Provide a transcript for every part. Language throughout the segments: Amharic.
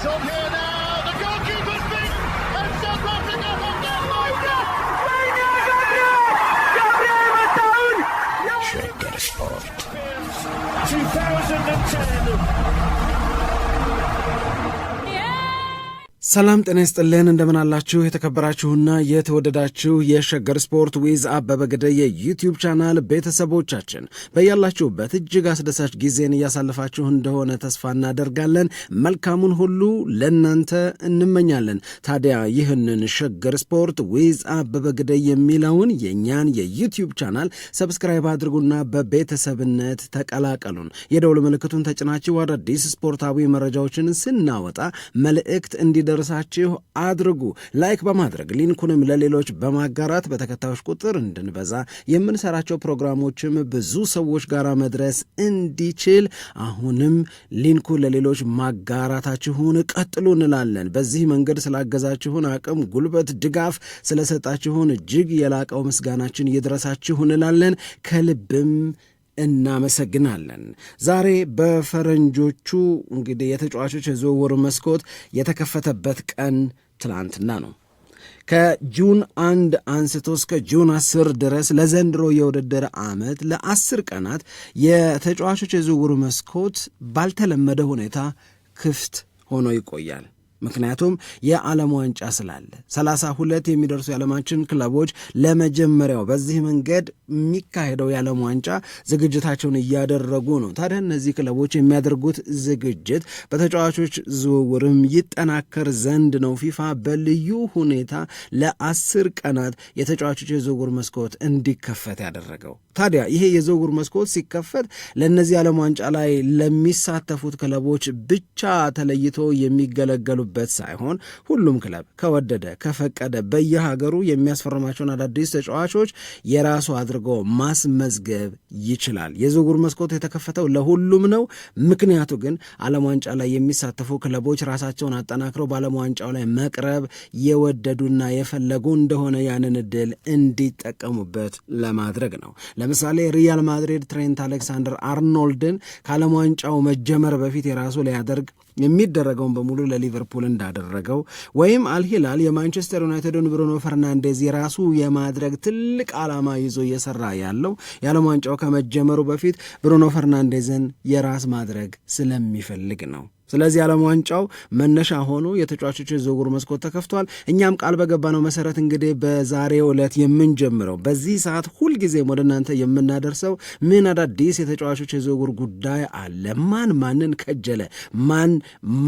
It's on here. ሰላም ጤና ይስጥልን እንደምን አላችሁ? የተከበራችሁና የተወደዳችሁ የሸገር ስፖርት ዊዝ አበበ ግደይ የዩቲዩብ ቻናል ቤተሰቦቻችን በያላችሁበት እጅግ አስደሳች ጊዜን እያሳለፋችሁ እንደሆነ ተስፋ እናደርጋለን። መልካሙን ሁሉ ለእናንተ እንመኛለን። ታዲያ ይህንን ሸገር ስፖርት ዊዝ አበበ ግደይ የሚለውን የእኛን የዩቲዩብ ቻናል ሰብስክራይብ አድርጉና በቤተሰብነት ተቀላቀሉን። የደውል ምልክቱን ተጭናችሁ አዳዲስ ስፖርታዊ መረጃዎችን ስናወጣ መልእክት እንዲደ እንዲደርሳችሁ አድርጉ። ላይክ በማድረግ ሊንኩንም ለሌሎች በማጋራት በተከታዮች ቁጥር እንድንበዛ የምንሰራቸው ፕሮግራሞችም ብዙ ሰዎች ጋር መድረስ እንዲችል አሁንም ሊንኩ ለሌሎች ማጋራታችሁን ቀጥሉ እንላለን። በዚህ መንገድ ስላገዛችሁን አቅም፣ ጉልበት፣ ድጋፍ ስለሰጣችሁን እጅግ የላቀው ምስጋናችን ይድረሳችሁ እንላለን ከልብም እናመሰግናለን። ዛሬ በፈረንጆቹ እንግዲህ የተጫዋቾች የዝውውር መስኮት የተከፈተበት ቀን ትላንትና ነው። ከጁን አንድ አንስቶ እስከ ጁን አስር ድረስ ለዘንድሮ የውድድር ዓመት ለአስር ቀናት የተጫዋቾች የዝውውር መስኮት ባልተለመደ ሁኔታ ክፍት ሆኖ ይቆያል። ምክንያቱም የዓለም ዋንጫ ስላለ ሰላሳ ሁለት የሚደርሱ የዓለማችን ክለቦች ለመጀመሪያው በዚህ መንገድ የሚካሄደው የዓለም ዋንጫ ዝግጅታቸውን እያደረጉ ነው። ታዲያ እነዚህ ክለቦች የሚያደርጉት ዝግጅት በተጫዋቾች ዝውውርም ይጠናከር ዘንድ ነው። ፊፋ በልዩ ሁኔታ ለአስር ቀናት የተጫዋቾች የዝውውር መስኮት እንዲከፈት ያደረገው። ታዲያ ይሄ የዝውውር መስኮት ሲከፈት ለእነዚህ ዓለም ዋንጫ ላይ ለሚሳተፉት ክለቦች ብቻ ተለይቶ የሚገለገሉ የሚያስፈርምበት ሳይሆን ሁሉም ክለብ ከወደደ ከፈቀደ በየሀገሩ የሚያስፈርማቸውን አዳዲስ ተጫዋቾች የራሱ አድርጎ ማስመዝገብ ይችላል። የዝውውር መስኮት የተከፈተው ለሁሉም ነው። ምክንያቱ ግን ዓለም ዋንጫ ላይ የሚሳተፉ ክለቦች ራሳቸውን አጠናክረው በዓለም ዋንጫው ላይ መቅረብ የወደዱና የፈለጉ እንደሆነ ያንን እድል እንዲጠቀሙበት ለማድረግ ነው። ለምሳሌ ሪያል ማድሪድ ትሬንት አሌክሳንደር አርኖልድን ከዓለም ዋንጫው መጀመር በፊት የራሱ ሊያደርግ የሚደረገውን በሙሉ ለሊቨርፑል እንዳደረገው ወይም አልሂላል የማንቸስተር ዩናይትድን ብሩኖ ፈርናንዴዝ የራሱ የማድረግ ትልቅ ዓላማ ይዞ እየሰራ ያለው የዓለም ዋንጫው ከመጀመሩ በፊት ብሩኖ ፈርናንዴዝን የራስ ማድረግ ስለሚፈልግ ነው። ስለዚህ ዓለም ዋንጫው መነሻ ሆኖ የተጫዋቾች ዝውውር መስኮት ተከፍቷል። እኛም ቃል በገባነው መሰረት እንግዲህ በዛሬው ዕለት የምንጀምረው በዚህ ሰዓት ሁልጊዜም ወደ እናንተ የምናደርሰው ምን አዳዲስ የተጫዋቾች የዝውውር ጉዳይ አለ፣ ማን ማንን ከጀለ፣ ማን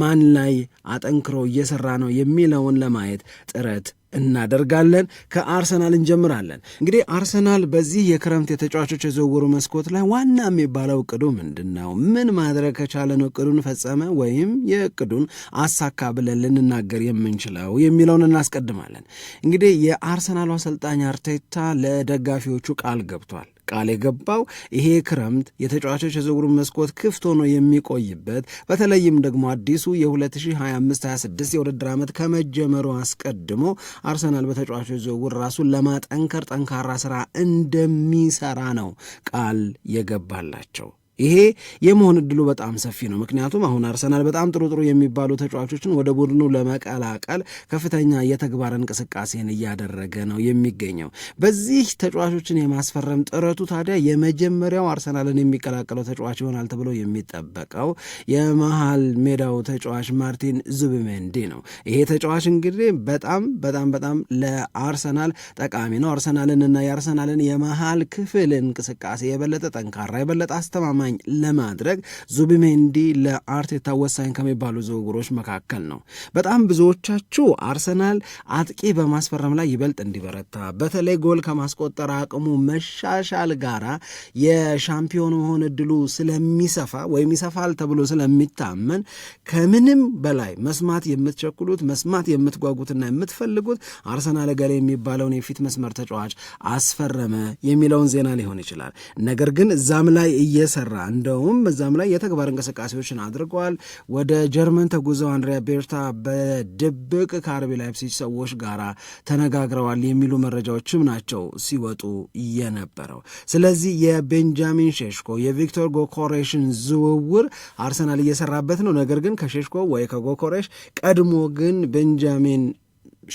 ማን ላይ አጠንክሮ እየሰራ ነው የሚለውን ለማየት ጥረት እናደርጋለን። ከአርሰናል እንጀምራለን። እንግዲህ አርሰናል በዚህ የክረምት የተጫዋቾች የዝውውሩ መስኮት ላይ ዋና የሚባለው እቅዱ ምንድን ነው? ምን ማድረግ ከቻለ ነው እቅዱን ፈጸመ ወይም የእቅዱን አሳካ ብለን ልንናገር የምንችለው የሚለውን እናስቀድማለን። እንግዲህ የአርሰናሉ አሰልጣኝ አርቴታ ለደጋፊዎቹ ቃል ገብቷል። ቃል የገባው ይሄ ክረምት የተጫዋቾች የዝውውሩ መስኮት ክፍት ሆኖ የሚቆይበት በተለይም ደግሞ አዲሱ የ2025/26 የውድድር ዓመት ከመጀመሩ አስቀድሞ አርሰናል በተጫዋቾች ዝውውር ራሱን ለማጠንከር ጠንካራ ስራ እንደሚሰራ ነው ቃል የገባላቸው። ይሄ የመሆን እድሉ በጣም ሰፊ ነው። ምክንያቱም አሁን አርሰናል በጣም ጥሩ ጥሩ የሚባሉ ተጫዋቾችን ወደ ቡድኑ ለመቀላቀል ከፍተኛ የተግባር እንቅስቃሴን እያደረገ ነው የሚገኘው። በዚህ ተጫዋቾችን የማስፈረም ጥረቱ ታዲያ የመጀመሪያው አርሰናልን የሚቀላቀለው ተጫዋች ይሆናል ተብሎ የሚጠበቀው የመሃል ሜዳው ተጫዋች ማርቲን ዙቢሜንዲ ነው። ይሄ ተጫዋች እንግዲህ በጣም በጣም በጣም ለአርሰናል ጠቃሚ ነው። አርሰናልንና የአርሰናልን የመሃል ክፍል እንቅስቃሴ የበለጠ ጠንካራ የበለጠ አስተማማኝ አስተማማኝ ለማድረግ ዙቢሜንዲ ለአርቴታ ወሳኝ ከሚባሉ ዝውውሮች መካከል ነው። በጣም ብዙዎቻችሁ አርሰናል አጥቂ በማስፈረም ላይ ይበልጥ እንዲበረታ በተለይ ጎል ከማስቆጠር አቅሙ መሻሻል ጋራ የሻምፒዮን መሆን እድሉ ስለሚሰፋ ወይም ይሰፋል ተብሎ ስለሚታመን ከምንም በላይ መስማት የምትቸኩሉት መስማት የምትጓጉትና የምትፈልጉት አርሰናል ገሌ የሚባለውን የፊት መስመር ተጫዋች አስፈረመ የሚለውን ዜና ሊሆን ይችላል። ነገር ግን እዛም ላይ እየሰራ እንደውም እዛም ላይ የተግባር እንቅስቃሴዎችን አድርገዋል። ወደ ጀርመን ተጉዘው አንድሪያ ቤርታ በድብቅ ከአርቢ ላይፕሲጅ ሰዎች ጋር ተነጋግረዋል የሚሉ መረጃዎችም ናቸው ሲወጡ የነበረው። ስለዚህ የቤንጃሚን ሼሽኮ የቪክቶር ጎኮሬሽን ዝውውር አርሰናል እየሰራበት ነው። ነገር ግን ከሼሽኮ ወይ ከጎኮሬሽ ቀድሞ ግን ቤንጃሚን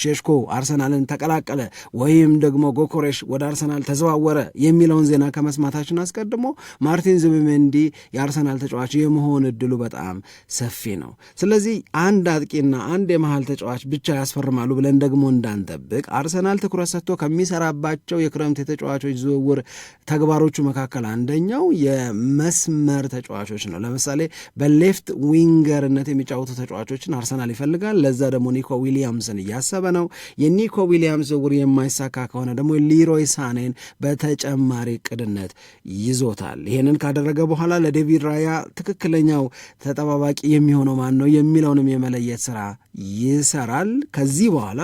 ሼሽኮ አርሰናልን ተቀላቀለ ወይም ደግሞ ጎኮሬሽ ወደ አርሰናል ተዘዋወረ የሚለውን ዜና ከመስማታችን አስቀድሞ ማርቲን ዙቢሜንዲ የአርሰናል ተጫዋች የመሆን እድሉ በጣም ሰፊ ነው። ስለዚህ አንድ አጥቂና አንድ የመሃል ተጫዋች ብቻ ያስፈርማሉ ብለን ደግሞ እንዳንጠብቅ አርሰናል ትኩረት ሰጥቶ ከሚሰራባቸው የክረምት የተጫዋቾች ዝውውር ተግባሮቹ መካከል አንደኛው የመስመር ተጫዋቾች ነው። ለምሳሌ በሌፍት ዊንገርነት የሚጫወቱ ተጫዋቾችን አርሰናል ይፈልጋል። ለዛ ደግሞ ኒኮ ዊሊያምስን እያሰ እያሰበ ነው። የኒኮ ዊሊያም ዝውውር የማይሳካ ከሆነ ደግሞ ሊሮይ ሳኔን በተጨማሪ ቅድነት ይዞታል። ይህንን ካደረገ በኋላ ለዴቪድ ራያ ትክክለኛው ተጠባባቂ የሚሆነው ማን ነው የሚለውንም የመለየት ስራ ይሰራል። ከዚህ በኋላ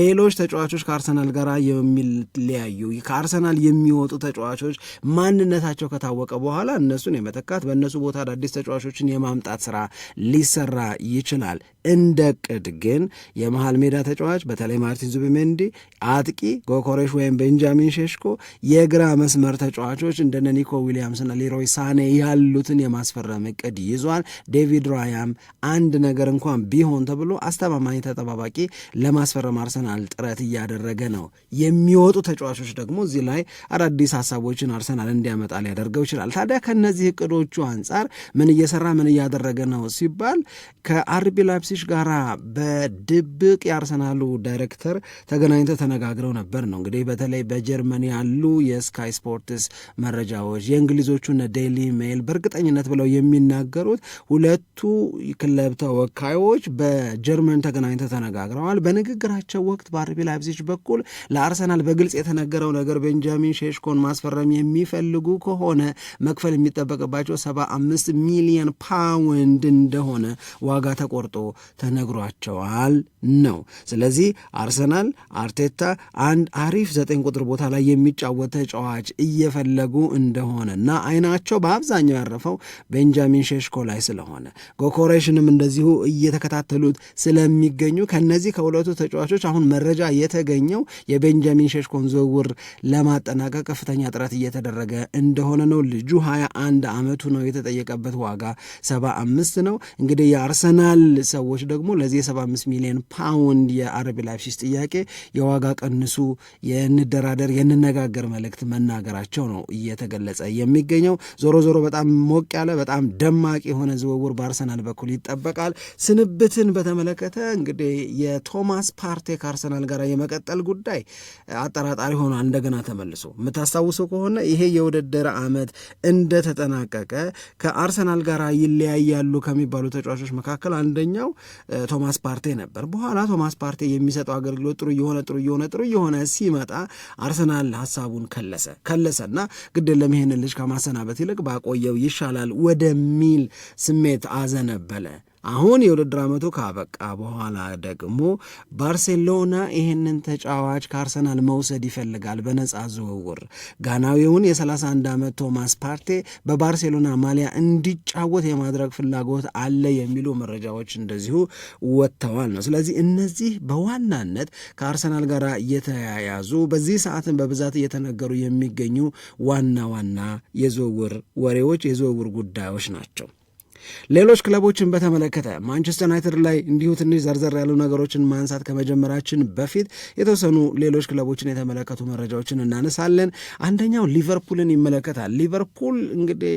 ሌሎች ተጫዋቾች ከአርሰናል ጋር የሚለያዩ ከአርሰናል የሚወጡ ተጫዋቾች ማንነታቸው ከታወቀ በኋላ እነሱን የመተካት በእነሱ ቦታ አዳዲስ ተጫዋቾችን የማምጣት ስራ ሊሰራ ይችላል። እንደ ቅድ ግን የመሃል ሜዳ ተጫዋች በተለይ ማርቲን ዙቢሜንዲ፣ አጥቂ ጎኮሬሽ ወይም ቤንጃሚን ሼሽኮ፣ የግራ መስመር ተጫዋቾች እንደነ ኒኮ ዊሊያምስና ሊሮይ ሳኔ ያሉትን የማስፈረም እቅድ ይዟል። ዴቪድ ራያም አንድ ነገር እንኳን ቢሆን ተብሎ አስተማማኝ ተጠባባቂ ለማስፈረም አርሰናል ጥረት እያደረገ ነው። የሚወጡ ተጫዋቾች ደግሞ እዚህ ላይ አዳዲስ ሀሳቦችን አርሰናል እንዲያመጣ ሊያደርገው ይችላል። ታዲያ ከነዚህ እቅዶቹ አንጻር ምን እየሰራ ምን እያደረገ ነው ሲባል ከአርቢ ላይፕሲ ዳልግሊሽ ጋራ በድብቅ የአርሰናሉ ዳይሬክተር ተገናኝተው ተነጋግረው ነበር ነው እንግዲህ በተለይ በጀርመን ያሉ የስካይ ስፖርትስ መረጃዎች የእንግሊዞቹ እነ ዴይሊ ሜል በእርግጠኝነት ብለው የሚናገሩት ሁለቱ ክለብ ተወካዮች በጀርመን ተገናኝተው ተነጋግረዋል። በንግግራቸው ወቅት በአርቢ ላይፕዚግ በኩል ለአርሰናል በግልጽ የተነገረው ነገር ቤንጃሚን ሼሽኮን ማስፈረም የሚፈልጉ ከሆነ መክፈል የሚጠበቅባቸው ሰባ አምስት ሚሊዮን ፓውንድ እንደሆነ ዋጋ ተቆርጦ ተነግሯቸዋል ነው። ስለዚህ አርሰናል አርቴታ አንድ አሪፍ ዘጠኝ ቁጥር ቦታ ላይ የሚጫወት ተጫዋች እየፈለጉ እንደሆነ እና አይናቸው በአብዛኛው ያረፈው ቤንጃሚን ሼሽኮ ላይ ስለሆነ ጎኮሬሽንም እንደዚሁ እየተከታተሉት ስለሚገኙ ከነዚህ ከሁለቱ ተጫዋቾች አሁን መረጃ የተገኘው የቤንጃሚን ሼሽኮን ዝውውር ለማጠናቀቅ ከፍተኛ ጥረት እየተደረገ እንደሆነ ነው። ልጁ 21 ዓመቱ ነው። የተጠየቀበት ዋጋ 75 ነው። እንግዲህ የአርሰናል ሰው ሰዎች ደግሞ ለዚህ የ75 ሚሊዮን ፓውንድ የአረቢ ላይፕሲስ ጥያቄ የዋጋ ቀንሱ፣ የንደራደር፣ የንነጋገር መልእክት መናገራቸው ነው እየተገለጸ የሚገኘው። ዞሮ ዞሮ በጣም ሞቅ ያለ በጣም ደማቅ የሆነ ዝውውር በአርሰናል በኩል ይጠበቃል። ስንብትን በተመለከተ እንግዲህ የቶማስ ፓርቴ ከአርሰናል ጋር የመቀጠል ጉዳይ አጠራጣሪ ሆኗል። እንደገና ተመልሶ የምታስታውሰው ከሆነ ይሄ የውድድር ዓመት እንደተጠናቀቀ ከአርሰናል ጋር ይለያያሉ ከሚባሉ ተጫዋቾች መካከል አንደኛው ቶማስ ፓርቴ ነበር። በኋላ ቶማስ ፓርቴ የሚሰጠው አገልግሎት ጥሩ እየሆነ ጥሩ እየሆነ ጥሩ እየሆነ ሲመጣ አርሰናል ሀሳቡን ከለሰ ከለሰና ግድለም ይሄንን ልጅ ከማሰናበት ይልቅ ባቆየው ይሻላል ወደሚል ስሜት አዘነበለ። አሁን የውድድር ዓመቱ ካበቃ በኋላ ደግሞ ባርሴሎና ይህንን ተጫዋች ከአርሰናል መውሰድ ይፈልጋል በነጻ ዝውውር። ጋናዊውን የ31 ዓመት ቶማስ ፓርቴ በባርሴሎና ማሊያ እንዲጫወት የማድረግ ፍላጎት አለ የሚሉ መረጃዎች እንደዚሁ ወጥተዋል ነው። ስለዚህ እነዚህ በዋናነት ከአርሰናል ጋር እየተያያዙ በዚህ ሰዓትን በብዛት እየተነገሩ የሚገኙ ዋና ዋና የዝውውር ወሬዎች፣ የዝውውር ጉዳዮች ናቸው። ሌሎች ክለቦችን በተመለከተ ማንቸስተር ዩናይትድ ላይ እንዲሁ ትንሽ ዘርዘር ያሉ ነገሮችን ማንሳት ከመጀመራችን በፊት የተወሰኑ ሌሎች ክለቦችን የተመለከቱ መረጃዎችን እናነሳለን። አንደኛው ሊቨርፑልን ይመለከታል። ሊቨርፑል እንግዲህ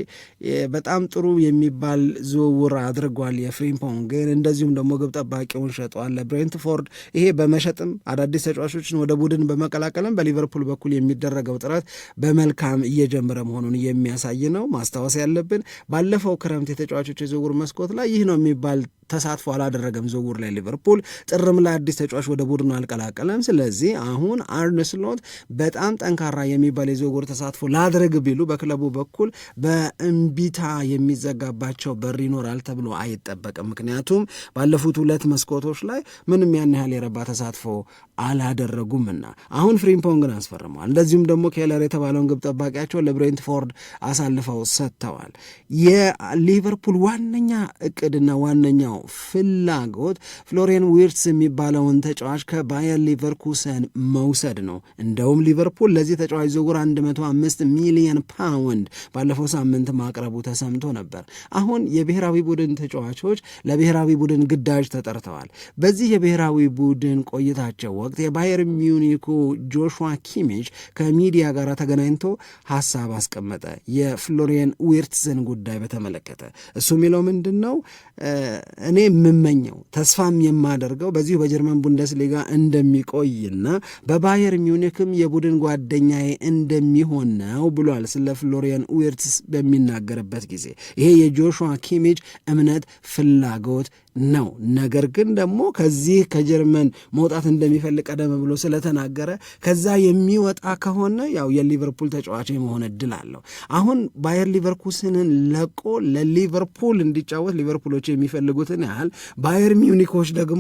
በጣም ጥሩ የሚባል ዝውውር አድርጓል የፍሪምፖንግን፣ እንደዚሁም ደግሞ ግብ ጠባቂውን ሸጠዋል ለብሬንትፎርድ። ይሄ በመሸጥም አዳዲስ ተጫዋቾችን ወደ ቡድን በመቀላቀልም በሊቨርፑል በኩል የሚደረገው ጥረት በመልካም እየጀመረ መሆኑን የሚያሳይ ነው። ማስታወስ ያለብን ባለፈው ክረምት የተጫዋቾች ተጫዋቾች የዝውውር መስኮት ላይ ይህ ነው የሚባል ተሳትፎ አላደረገም። ዝውውር ላይ ሊቨርፑል ጥርም ላይ አዲስ ተጫዋች ወደ ቡድኑ አልቀላቀለም። ስለዚህ አሁን አርነ ስሎት በጣም ጠንካራ የሚባል የዝውውር ተሳትፎ ላድረግ ቢሉ በክለቡ በኩል በእምቢታ የሚዘጋባቸው በር ይኖራል ተብሎ አይጠበቅም። ምክንያቱም ባለፉት ሁለት መስኮቶች ላይ ምንም ያን ያህል የረባ ተሳትፎ አላደረጉምና አሁን ፍሪምፖንግን አስፈርመዋል። እንደዚሁም ደግሞ ኬለር የተባለውን ግብ ጠባቂያቸው ለብሬንትፎርድ አሳልፈው ሰጥተዋል። የሊቨርፑል ዋነኛ እቅድና ዋነኛው ፍላጎት ፍሎሪያን ዊርትስ የሚባለውን ተጫዋች ከባየር ሊቨርኩሰን መውሰድ ነው። እንደውም ሊቨርፑል ለዚህ ተጫዋች ዝውውር 105 ሚሊዮን ፓውንድ ባለፈው ሳምንት ማቅረቡ ተሰምቶ ነበር። አሁን የብሔራዊ ቡድን ተጫዋቾች ለብሔራዊ ቡድን ግዳጅ ተጠርተዋል። በዚህ የብሔራዊ ቡድን ቆይታቸው ወቅት የባየር ሚኒኩ ጆሹዋ ኪሚች ከሚዲያ ጋር ተገናኝቶ ሀሳብ አስቀመጠ። የፍሎሪያን ዊርትስን ጉዳይ በተመለከተ እሱ የሚለው ምንድን ነው? እኔ የምመኘው ተስፋም የማደርገው በዚሁ በጀርመን ቡንደስሊጋ እንደሚቆይና በባየር ሚውኒክም የቡድን ጓደኛዬ እንደሚሆን ነው ብሏል። ስለ ፍሎሪያን ዊርትስ በሚናገርበት ጊዜ ይሄ የጆሹዋ ኪሚጅ እምነት፣ ፍላጎት ነው። ነገር ግን ደግሞ ከዚህ ከጀርመን መውጣት እንደሚፈልግ ቀደም ብሎ ስለተናገረ ከዛ የሚወጣ ከሆነ ያው የሊቨርፑል ተጫዋች የመሆን እድል አለው። አሁን ባየር ሊቨርኩስንን ለቆ ለሊቨርፑል እንዲጫወት ሊቨርፑሎች የሚፈልጉትን ያህል ባየር ሚውኒኮች ደግሞ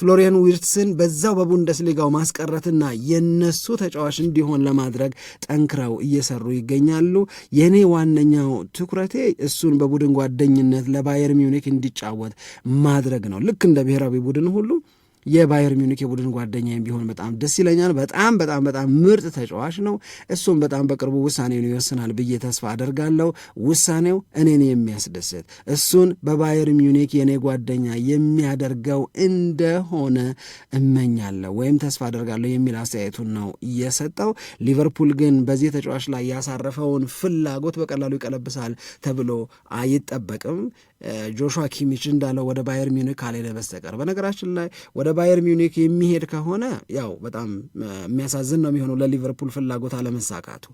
ፍሎሪያን ዊርትስን በዛው በቡንደስሊጋው ማስቀረትና የነሱ ተጫዋች እንዲሆን ለማድረግ ጠንክረው እየሰሩ ይገኛሉ። የኔ ዋነኛው ትኩረቴ እሱን በቡድን ጓደኝነት ለባየር ሚውኒክ እንዲጫወት ማድረግ ነው። ልክ እንደ ብሔራዊ ቡድን ሁሉ የባየር ሚኒክ የቡድን ጓደኛ ቢሆን በጣም ደስ ይለኛል። በጣም በጣም በጣም ምርጥ ተጫዋች ነው። እሱም በጣም በቅርቡ ውሳኔውን ይወስናል ብዬ ተስፋ አደርጋለሁ። ውሳኔው እኔን የሚያስደስት እሱን በባየር ሚኒክ የእኔ ጓደኛ የሚያደርገው እንደሆነ እመኛለሁ ወይም ተስፋ አደርጋለሁ የሚል አስተያየቱን ነው እየሰጠው። ሊቨርፑል ግን በዚህ ተጫዋች ላይ ያሳረፈውን ፍላጎት በቀላሉ ይቀለብሳል ተብሎ አይጠበቅም። ጆሹዋ ኪሚች እንዳለው ወደ ባየር ሚኒክ ካልሄደ በስተቀር በነገራችን ላይ ወደ ባየር ሚኒክ የሚሄድ ከሆነ ያው በጣም የሚያሳዝን ነው የሚሆነው ለሊቨርፑል ፍላጎት አለመሳካቱ።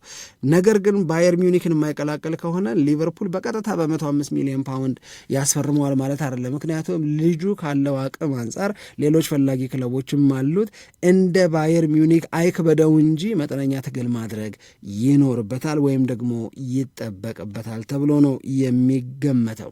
ነገር ግን ባየር ሚኒክን የማይቀላቀል ከሆነ ሊቨርፑል በቀጥታ በመቶ አምስት ሚሊዮን ፓውንድ ያስፈርመዋል ማለት አይደለም። ምክንያቱም ልጁ ካለው አቅም አንጻር ሌሎች ፈላጊ ክለቦችም አሉት። እንደ ባየር ሚኒክ አይክበደው እንጂ መጠነኛ ትግል ማድረግ ይኖርበታል ወይም ደግሞ ይጠበቅበታል ተብሎ ነው የሚገመተው።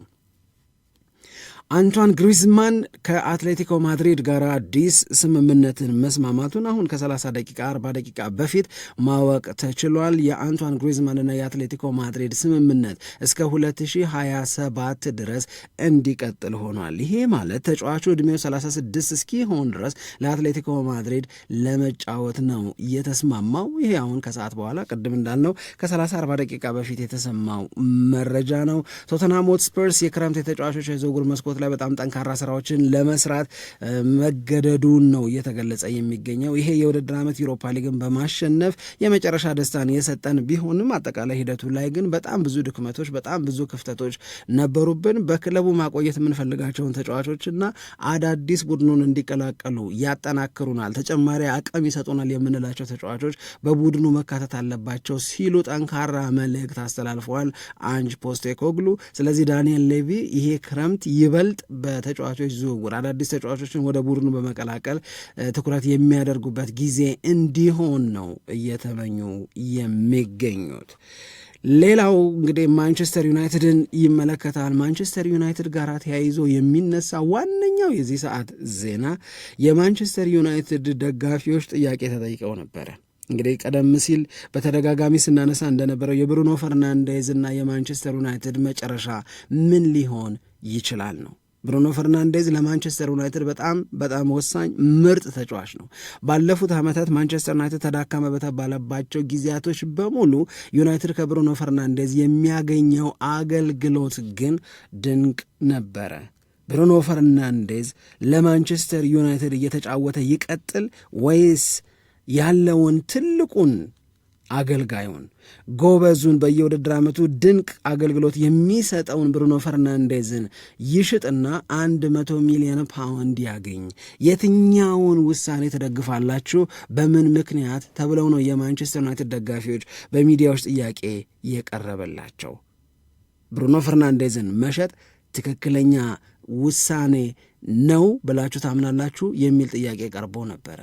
አንቷን ግሪዝማን ከአትሌቲኮ ማድሪድ ጋር አዲስ ስምምነትን መስማማቱን አሁን ከ30 ደቂቃ 40 ደቂቃ በፊት ማወቅ ተችሏል። የአንቷን ግሪዝማንና የአትሌቲኮ ማድሪድ ስምምነት እስከ 2027 ድረስ እንዲቀጥል ሆኗል። ይሄ ማለት ተጫዋቹ ዕድሜው 36 እስኪሆን ድረስ ለአትሌቲኮ ማድሪድ ለመጫወት ነው እየተስማማው። ይሄ አሁን ከሰዓት በኋላ ቅድም እንዳልነው ከ30 40 ደቂቃ በፊት የተሰማው መረጃ ነው። ቶተንሃም ሆትስፐርስ የክረምት የተጫዋቾች የዝውውር መስኮት መስኮት ላይ በጣም ጠንካራ ስራዎችን ለመስራት መገደዱን ነው እየተገለጸ የሚገኘው። ይሄ የውድድር ዓመት ዩሮፓ ሊግን በማሸነፍ የመጨረሻ ደስታን የሰጠን ቢሆንም አጠቃላይ ሂደቱ ላይ ግን በጣም ብዙ ድክመቶች፣ በጣም ብዙ ክፍተቶች ነበሩብን። በክለቡ ማቆየት የምንፈልጋቸውን ተጫዋቾችና አዳዲስ ቡድኑን እንዲቀላቀሉ ያጠናክሩናል፣ ተጨማሪ አቅም ይሰጡናል የምንላቸው ተጫዋቾች በቡድኑ መካተት አለባቸው ሲሉ ጠንካራ መልእክት አስተላልፈዋል አንጅ ፖስቴኮግሉ። ስለዚህ ዳንኤል ሌቪ ይሄ ክረምት ይበል ይበልጥ በተጫዋቾች ዝውውር አዳዲስ ተጫዋቾችን ወደ ቡድኑ በመቀላቀል ትኩረት የሚያደርጉበት ጊዜ እንዲሆን ነው እየተመኙ የሚገኙት። ሌላው እንግዲህ ማንቸስተር ዩናይትድን ይመለከታል። ማንቸስተር ዩናይትድ ጋር ተያይዞ የሚነሳ ዋነኛው የዚህ ሰዓት ዜና የማንቸስተር ዩናይትድ ደጋፊዎች ጥያቄ ተጠይቀው ነበረ። እንግዲህ ቀደም ሲል በተደጋጋሚ ስናነሳ እንደነበረው የብሩኖ ፈርናንዴዝ እና የማንቸስተር ዩናይትድ መጨረሻ ምን ሊሆን ይችላል ነው። ብሩኖ ፈርናንዴዝ ለማንቸስተር ዩናይትድ በጣም በጣም ወሳኝ ምርጥ ተጫዋች ነው። ባለፉት ዓመታት ማንቸስተር ዩናይትድ ተዳካመ በተባለባቸው ጊዜያቶች በሙሉ ዩናይትድ ከብሩኖ ፈርናንዴዝ የሚያገኘው አገልግሎት ግን ድንቅ ነበረ። ብሩኖ ፈርናንዴዝ ለማንቸስተር ዩናይትድ እየተጫወተ ይቀጥል ወይስ ያለውን ትልቁን አገልጋዩን ጎበዙን በየውድድር ዓመቱ ድንቅ አገልግሎት የሚሰጠውን ብሩኖ ፈርናንዴዝን ይሽጥና አንድ መቶ ሚሊዮን ፓውንድ ያገኝ። የትኛውን ውሳኔ ትደግፋላችሁ? በምን ምክንያት ተብለው ነው የማንቸስተር ዩናይትድ ደጋፊዎች በሚዲያዎች ጥያቄ የቀረበላቸው። ብሩኖ ፈርናንዴዝን መሸጥ ትክክለኛ ውሳኔ ነው ብላችሁ ታምናላችሁ የሚል ጥያቄ ቀርቦ ነበረ።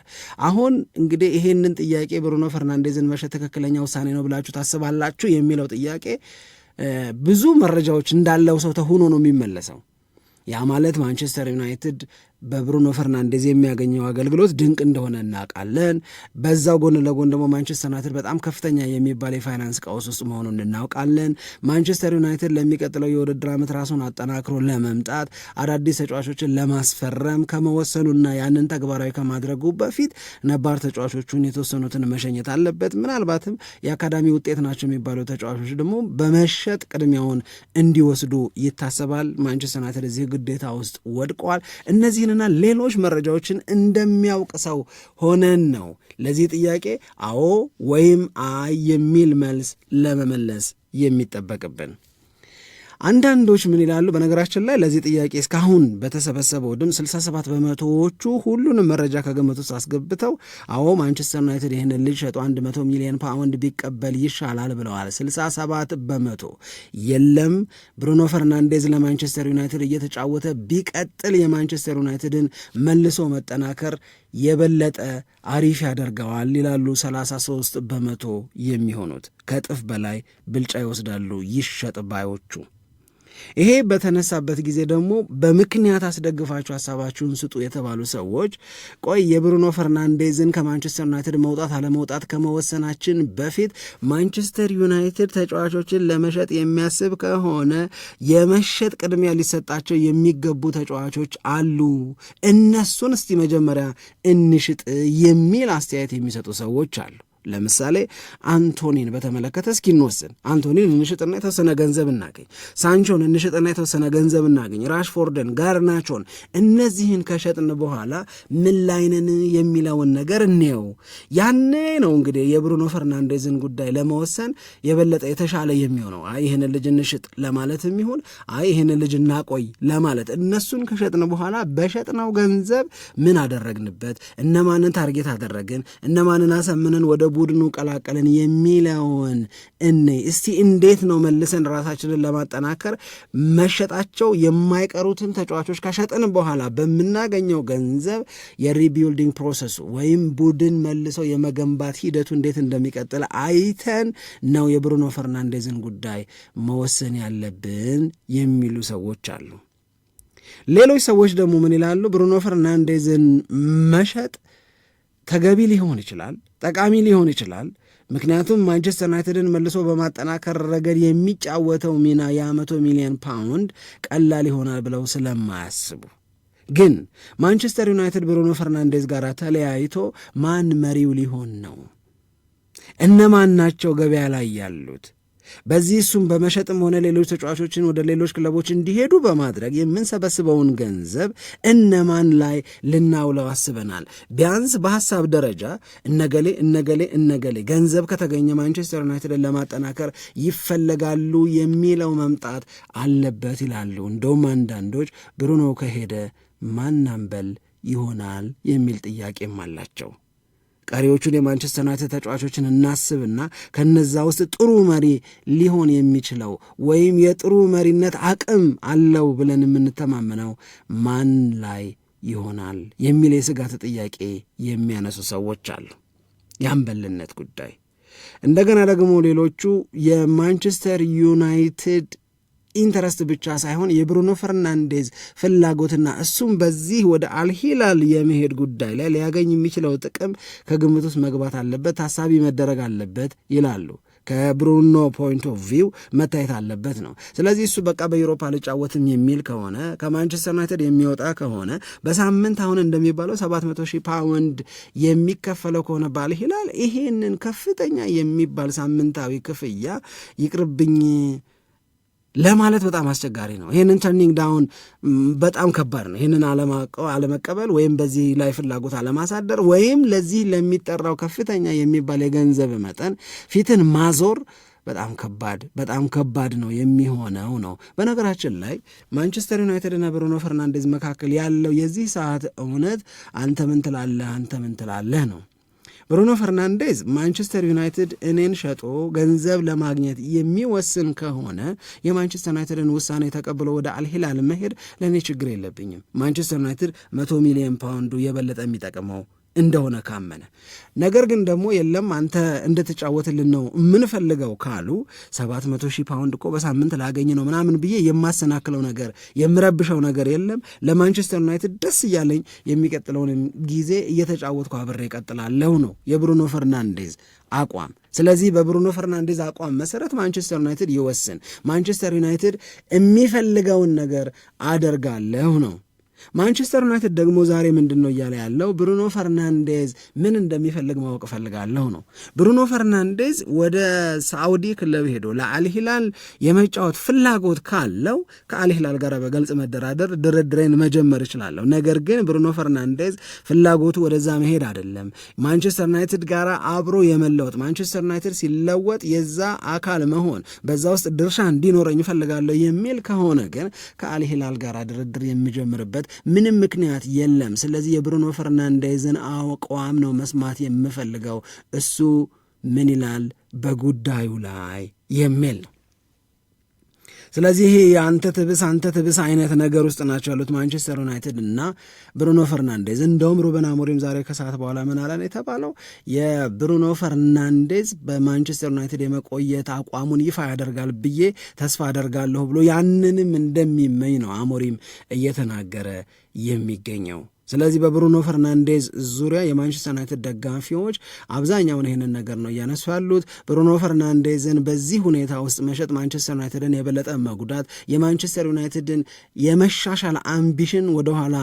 አሁን እንግዲህ ይሄንን ጥያቄ ብሩኖ ፈርናንዴዝን መሸጥ ትክክለኛ ውሳኔ ነው ብላችሁ ታስባላችሁ የሚለው ጥያቄ ብዙ መረጃዎች እንዳለው ሰው ተሆኖ ነው የሚመለሰው። ያ ማለት ማንቸስተር ዩናይትድ በብሩኖ ፈርናንዴዝ የሚያገኘው አገልግሎት ድንቅ እንደሆነ እናውቃለን። በዛው ጎን ለጎን ደግሞ ማንቸስተር ዩናይትድ በጣም ከፍተኛ የሚባል የፋይናንስ ቀውስ ውስጥ መሆኑን እናውቃለን። ማንቸስተር ዩናይትድ ለሚቀጥለው የውድድር ዓመት ራሱን አጠናክሮ ለመምጣት አዳዲስ ተጫዋቾችን ለማስፈረም ከመወሰኑና ያንን ተግባራዊ ከማድረጉ በፊት ነባር ተጫዋቾቹን የተወሰኑትን መሸኘት አለበት። ምናልባትም የአካዳሚ ውጤት ናቸው የሚባሉ ተጫዋቾች ደግሞ በመሸጥ ቅድሚያውን እንዲወስዱ ይታሰባል። ማንቸስተር ዩናይትድ እዚህ ግዴታ ውስጥ ወድቋል። እነዚህን ይህንንና ሌሎች መረጃዎችን እንደሚያውቅ ሰው ሆነን ነው ለዚህ ጥያቄ አዎ ወይም አይ የሚል መልስ ለመመለስ የሚጠበቅብን። አንዳንዶች ምን ይላሉ? በነገራችን ላይ ለዚህ ጥያቄ እስካሁን በተሰበሰበው ድምፅ 67 በመቶዎቹ ሁሉንም መረጃ ከግምት ውስጥ አስገብተው አዎ ማንቸስተር ዩናይትድ ይህን ልጅ ሸጦ 100 ሚሊዮን ፓውንድ ቢቀበል ይሻላል ብለዋል። 67 በመቶ የለም፣ ብሩኖ ፈርናንዴዝ ለማንቸስተር ዩናይትድ እየተጫወተ ቢቀጥል የማንቸስተር ዩናይትድን መልሶ መጠናከር የበለጠ አሪፍ ያደርገዋል ይላሉ 33 በመቶ የሚሆኑት። ከእጥፍ በላይ ብልጫ ይወስዳሉ ይሸጥ ባዮቹ። ይሄ በተነሳበት ጊዜ ደግሞ በምክንያት አስደግፋችሁ ሀሳባችሁን ስጡ የተባሉ ሰዎች ቆይ የብሩኖ ፈርናንዴዝን ከማንቸስተር ዩናይትድ መውጣት አለመውጣት ከመወሰናችን በፊት ማንቸስተር ዩናይትድ ተጫዋቾችን ለመሸጥ የሚያስብ ከሆነ የመሸጥ ቅድሚያ ሊሰጣቸው የሚገቡ ተጫዋቾች አሉ፣ እነሱን እስቲ መጀመሪያ እንሽጥ የሚል አስተያየት የሚሰጡ ሰዎች አሉ። ለምሳሌ አንቶኒን በተመለከተ እስኪ እንወስን። አንቶኒን እንሽጥና የተወሰነ ገንዘብ እናገኝ፣ ሳንቾን እንሽጥና የተወሰነ ገንዘብ እናገኝ፣ ራሽፎርድን፣ ጋርናቾን እነዚህን ከሸጥን በኋላ ምን ላይነን የሚለውን ነገር እንየው። ያኔ ነው እንግዲህ የብሩኖ ፈርናንዴዝን ጉዳይ ለመወሰን የበለጠ የተሻለ የሚሆነው። አይ ይህን ልጅ እንሽጥ ለማለት የሚሆን አይ ይህን ልጅ እናቆይ ለማለት እነሱን ከሸጥን በኋላ በሸጥነው ገንዘብ ምን አደረግንበት? እነማንን ታርጌት አደረግን? እነማንን አሰምንን ወደ ቡድኑ ቀላቀልን የሚለውን እኔ እስቲ እንዴት ነው መልሰን ራሳችንን ለማጠናከር መሸጣቸው የማይቀሩትን ተጫዋቾች ከሸጥን በኋላ በምናገኘው ገንዘብ የሪቢልዲንግ ፕሮሰሱ ወይም ቡድን መልሰው የመገንባት ሂደቱ እንዴት እንደሚቀጥል አይተን ነው የብሩኖ ፈርናንዴዝን ጉዳይ መወሰን ያለብን የሚሉ ሰዎች አሉ። ሌሎች ሰዎች ደግሞ ምን ይላሉ? ብሩኖ ፈርናንዴዝን መሸጥ ተገቢ ሊሆን ይችላል ጠቃሚ ሊሆን ይችላል። ምክንያቱም ማንቸስተር ዩናይትድን መልሶ በማጠናከር ረገድ የሚጫወተው ሚና የመቶ ሚሊዮን ፓውንድ ቀላል ይሆናል ብለው ስለማያስቡ ግን ማንቸስተር ዩናይትድ ብሩኖ ፈርናንዴዝ ጋር ተለያይቶ ማን መሪው ሊሆን ነው? እነማን ናቸው ገበያ ላይ ያሉት? በዚህ እሱም በመሸጥም ሆነ ሌሎች ተጫዋቾችን ወደ ሌሎች ክለቦች እንዲሄዱ በማድረግ የምንሰበስበውን ገንዘብ እነማን ላይ ልናውለው አስበናል? ቢያንስ በሀሳብ ደረጃ እነገሌ እነገሌ እነገሌ ገንዘብ ከተገኘ ማንቸስተር ዩናይትድን ለማጠናከር ይፈለጋሉ የሚለው መምጣት አለበት ይላሉ። እንደውም አንዳንዶች ብሩኖ ከሄደ ማናምበል ይሆናል የሚል ጥያቄም አላቸው። ቀሪዎቹን የማንቸስተር ዩናይትድ ተጫዋቾችን እናስብና ከነዛ ውስጥ ጥሩ መሪ ሊሆን የሚችለው ወይም የጥሩ መሪነት አቅም አለው ብለን የምንተማመነው ማን ላይ ይሆናል የሚል የስጋት ጥያቄ የሚያነሱ ሰዎች አሉ። የአምበልነት ጉዳይ እንደገና ደግሞ ሌሎቹ የማንቸስተር ዩናይትድ ኢንተረስት ብቻ ሳይሆን የብሩኖ ፈርናንዴዝ ፍላጎትና እሱም በዚህ ወደ አልሂላል የመሄድ ጉዳይ ላይ ሊያገኝ የሚችለው ጥቅም ከግምት ውስጥ መግባት አለበት፣ ታሳቢ መደረግ አለበት ይላሉ። ከብሩኖ ፖይንት ኦፍ ቪው መታየት አለበት ነው። ስለዚህ እሱ በቃ በዩሮፓ ልጫወትም የሚል ከሆነ ከማንቸስተር ዩናይትድ የሚወጣ ከሆነ በሳምንት አሁን እንደሚባለው 700 ሺህ ፓውንድ የሚከፈለው ከሆነ ባል ሂላል ይሄንን ከፍተኛ የሚባል ሳምንታዊ ክፍያ ይቅርብኝ ለማለት በጣም አስቸጋሪ ነው። ይህንን ተርኒንግ ዳውን በጣም ከባድ ነው። ይህንን አለመቀበል ወይም በዚህ ላይ ፍላጎት አለማሳደር ወይም ለዚህ ለሚጠራው ከፍተኛ የሚባል የገንዘብ መጠን ፊትን ማዞር በጣም ከባድ በጣም ከባድ ነው የሚሆነው ነው። በነገራችን ላይ ማንቸስተር ዩናይትድና ብሩኖ ፈርናንዴዝ መካከል ያለው የዚህ ሰዓት እውነት አንተ ምን ትላለህ፣ አንተ ምን ትላለህ ነው ብሩኖ ፈርናንዴዝ ማንቸስተር ዩናይትድ እኔን ሸጦ ገንዘብ ለማግኘት የሚወስን ከሆነ የማንቸስተር ዩናይትድን ውሳኔ ተቀብሎ ወደ አልሂላል መሄድ ለእኔ ችግር የለብኝም። ማንቸስተር ዩናይትድ መቶ ሚሊዮን ፓውንዱ የበለጠ የሚጠቅመው እንደሆነ ካመነ ነገር ግን ደግሞ የለም አንተ እንደተጫወትልን ነው የምንፈልገው ካሉ ሰባት መቶ ሺህ ፓውንድ እኮ በሳምንት ላገኝ ነው ምናምን ብዬ የማሰናክለው ነገር የምረብሸው ነገር የለም። ለማንቸስተር ዩናይትድ ደስ እያለኝ የሚቀጥለውን ጊዜ እየተጫወትኩ አብሬ እቀጥላለሁ ነው የብሩኖ ፈርናንዴዝ አቋም። ስለዚህ በብሩኖ ፈርናንዴዝ አቋም መሰረት ማንቸስተር ዩናይትድ ይወስን። ማንቸስተር ዩናይትድ የሚፈልገውን ነገር አደርጋለሁ ነው ማንቸስተር ዩናይትድ ደግሞ ዛሬ ምንድን ነው እያለ ያለው ብሩኖ ፈርናንዴዝ ምን እንደሚፈልግ ማወቅ እፈልጋለሁ ነው። ብሩኖ ፈርናንዴዝ ወደ ሳዑዲ ክለብ ሄዶ ለአልሂላል የመጫወት ፍላጎት ካለው ከአልሂላል ጋር በግልጽ መደራደር ድርድሬን መጀመር እችላለሁ። ነገር ግን ብሩኖ ፈርናንዴዝ ፍላጎቱ ወደዛ መሄድ አይደለም። ማንቸስተር ዩናይትድ ጋር አብሮ የመለወጥ ማንቸስተር ዩናይትድ ሲለወጥ የዛ አካል መሆን በዛ ውስጥ ድርሻ እንዲኖረኝ እፈልጋለሁ የሚል ከሆነ ግን ከአልሂላል ጋር ድርድር የሚጀምርበት ምንም ምክንያት የለም። ስለዚህ የብሩኖ ፈርናንዴዝን አቋም ነው መስማት የምፈልገው። እሱ ምን ይላል በጉዳዩ ላይ የሚል ነው። ስለዚህ አንተ ትብስ አንተ ትብስ አይነት ነገር ውስጥ ናቸው ያሉት ማንቸስተር ዩናይትድ እና ብሩኖ ፈርናንዴዝ። እንደውም ሩበን አሞሪም ዛሬ ከሰዓት በኋላ ምን አለን የተባለው የብሩኖ ፈርናንዴዝ በማንቸስተር ዩናይትድ የመቆየት አቋሙን ይፋ ያደርጋል ብዬ ተስፋ አደርጋለሁ ብሎ ያንንም እንደሚመኝ ነው አሞሪም እየተናገረ የሚገኘው። ስለዚህ በብሩኖ ፈርናንዴዝ ዙሪያ የማንቸስተር ዩናይትድ ደጋፊዎች አብዛኛውን ይህንን ነገር ነው እያነሱ ያሉት። ብሩኖ ፈርናንዴዝን በዚህ ሁኔታ ውስጥ መሸጥ ማንቸስተር ዩናይትድን የበለጠ መጉዳት፣ የማንቸስተር ዩናይትድን የመሻሻል አምቢሽን ወደኋላ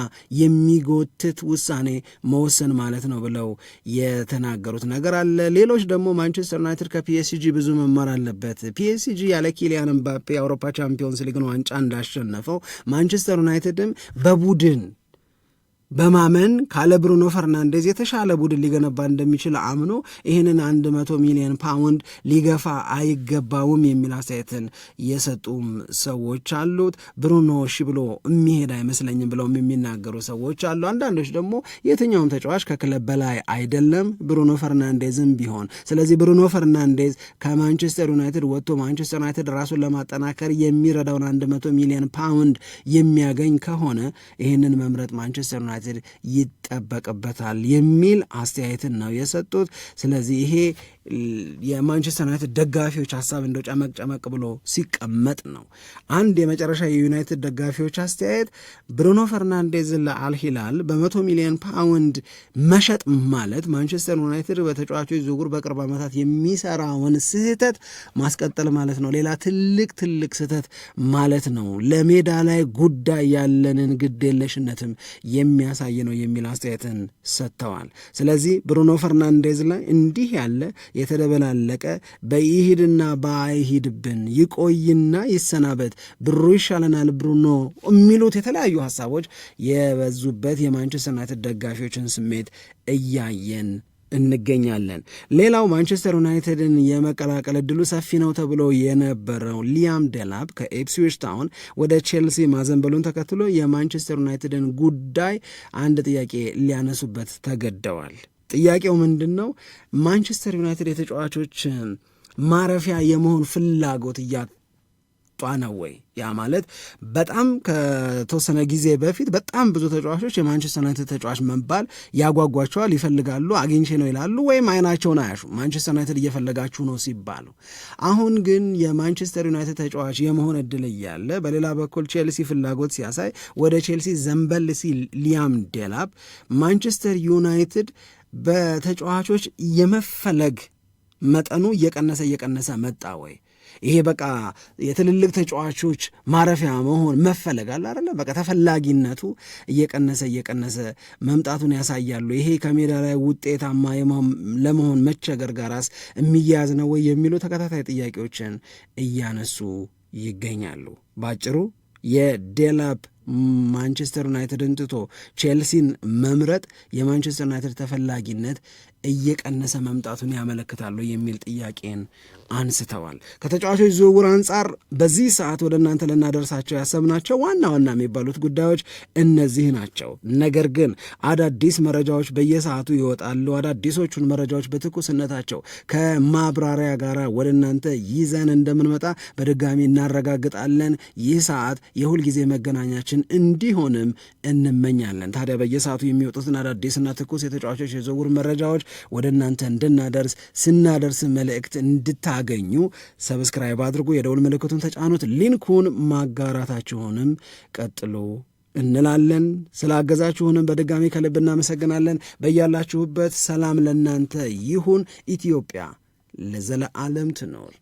የሚጎትት ውሳኔ መወሰን ማለት ነው ብለው የተናገሩት ነገር አለ። ሌሎች ደግሞ ማንቸስተር ዩናይትድ ከፒኤስጂ ብዙ መማር አለበት። ፒኤስጂ ያለ ኪሊያን ምባፔ የአውሮፓ ቻምፒዮንስ ሊግን ዋንጫ እንዳሸነፈው ማንቸስተር ዩናይትድም በቡድን በማመን ካለ ብሩኖ ፈርናንዴዝ የተሻለ ቡድን ሊገነባ እንደሚችል አምኖ ይህንን አንድ መቶ ሚሊዮን ፓውንድ ሊገፋ አይገባውም የሚል አስተያየትን የሰጡም ሰዎች አሉት። ብሩኖ ሺ ብሎ የሚሄድ አይመስለኝም ብለውም የሚናገሩ ሰዎች አሉ። አንዳንዶች ደግሞ የትኛውም ተጫዋች ከክለብ በላይ አይደለም ብሩኖ ፈርናንዴዝም ቢሆን ስለዚህ ብሩኖ ፈርናንዴዝ ከማንቸስተር ዩናይትድ ወጥቶ ማንቸስተር ዩናይትድ ራሱን ለማጠናከር የሚረዳውን 100 ሚሊዮን ፓውንድ የሚያገኝ ከሆነ ይህንን መምረጥ ማንቸስተር ዩናይትድ ዩናይትድ ይጠበቅበታል የሚል አስተያየትን ነው የሰጡት። ስለዚህ ይሄ የማንቸስተር ዩናይትድ ደጋፊዎች ሀሳብ እንደው ጨመቅ ጨመቅ ብሎ ሲቀመጥ ነው። አንድ የመጨረሻ የዩናይትድ ደጋፊዎች አስተያየት ብሩኖ ፈርናንዴዝን ለአልሂላል በመቶ ሚሊዮን ፓውንድ መሸጥ ማለት ማንቸስተር ዩናይትድ በተጫዋቾች ዝውውር በቅርብ ዓመታት የሚሰራውን ስህተት ማስቀጠል ማለት ነው። ሌላ ትልቅ ትልቅ ስህተት ማለት ነው። ለሜዳ ላይ ጉዳይ ያለንን ግዴለሽነትም የሚያሳይ ነው የሚል አስተያየትን ሰጥተዋል። ስለዚህ ብሩኖ ፈርናንዴዝ ላይ እንዲህ ያለ የተደበላለቀ በይሂድና በአይሂድብን ይቆይና ይሰናበት ብሩ ይሻለናል ብሩኖ የሚሉት የተለያዩ ሀሳቦች የበዙበት የማንቸስተር ዩናይትድ ደጋፊዎችን ስሜት እያየን እንገኛለን። ሌላው ማንቸስተር ዩናይትድን የመቀላቀል እድሉ ሰፊ ነው ተብሎ የነበረው ሊያም ደላፕ ከኤፕስዊች ታውን ወደ ቼልሲ ማዘንበሉን ተከትሎ የማንቸስተር ዩናይትድን ጉዳይ አንድ ጥያቄ ሊያነሱበት ተገደዋል። ጥያቄው ምንድን ነው? ማንቸስተር ዩናይትድ የተጫዋቾች ማረፊያ የመሆን ፍላጎት እያጧ ነው ወይ? ያ ማለት በጣም ከተወሰነ ጊዜ በፊት በጣም ብዙ ተጫዋቾች የማንቸስተር ዩናይትድ ተጫዋች መባል ያጓጓቸዋል፣ ይፈልጋሉ፣ አግኝቼ ነው ይላሉ፣ ወይም አይናቸውን አያሹ ማንቸስተር ዩናይትድ እየፈለጋችሁ ነው ሲባሉ። አሁን ግን የማንቸስተር ዩናይትድ ተጫዋች የመሆን እድል እያለ በሌላ በኩል ቼልሲ ፍላጎት ሲያሳይ ወደ ቼልሲ ዘንበል ሲል ሊያም ዴላፕ ማንቸስተር ዩናይትድ በተጫዋቾች የመፈለግ መጠኑ እየቀነሰ እየቀነሰ መጣ ወይ? ይሄ በቃ የትልልቅ ተጫዋቾች ማረፊያ መሆን መፈለግ አለ አይደለ? በቃ ተፈላጊነቱ እየቀነሰ እየቀነሰ መምጣቱን ያሳያሉ። ይሄ ከሜዳ ላይ ውጤታማ ለመሆን መቸገር ጋራስ የሚያያዝ ነው ወይ የሚሉ ተከታታይ ጥያቄዎችን እያነሱ ይገኛሉ። በአጭሩ የዴላፕ ማንቸስተር ዩናይትድን ትቶ ቼልሲን መምረጥ የማንቸስተር ዩናይትድ ተፈላጊነት እየቀነሰ መምጣቱን ያመለክታሉ የሚል ጥያቄን አንስተዋል። ከተጫዋቾች ዝውውር አንጻር በዚህ ሰዓት ወደ እናንተ ልናደርሳቸው ያሰብናቸው ዋና ዋና የሚባሉት ጉዳዮች እነዚህ ናቸው። ነገር ግን አዳዲስ መረጃዎች በየሰዓቱ ይወጣሉ። አዳዲሶቹን መረጃዎች በትኩስነታቸው ከማብራሪያ ጋር ወደ እናንተ ይዘን እንደምንመጣ በድጋሚ እናረጋግጣለን። ይህ ሰዓት የሁልጊዜ መገናኛችን እንዲሆንም እንመኛለን። ታዲያ በየሰዓቱ የሚወጡትን አዳዲስና ትኩስ የተጫዋቾች የዝውውር መረጃዎች ወደ እናንተ እንድናደርስ ስናደርስ መልእክት እንድታገኙ ሰብስክራይብ አድርጉ፣ የደውል ምልክቱን ተጫኑት፣ ሊንኩን ማጋራታችሁንም ቀጥሎ እንላለን። ስላገዛችሁንም በድጋሚ ከልብ እናመሰግናለን። በያላችሁበት ሰላም ለእናንተ ይሁን። ኢትዮጵያ ለዘለዓለም ትኖር።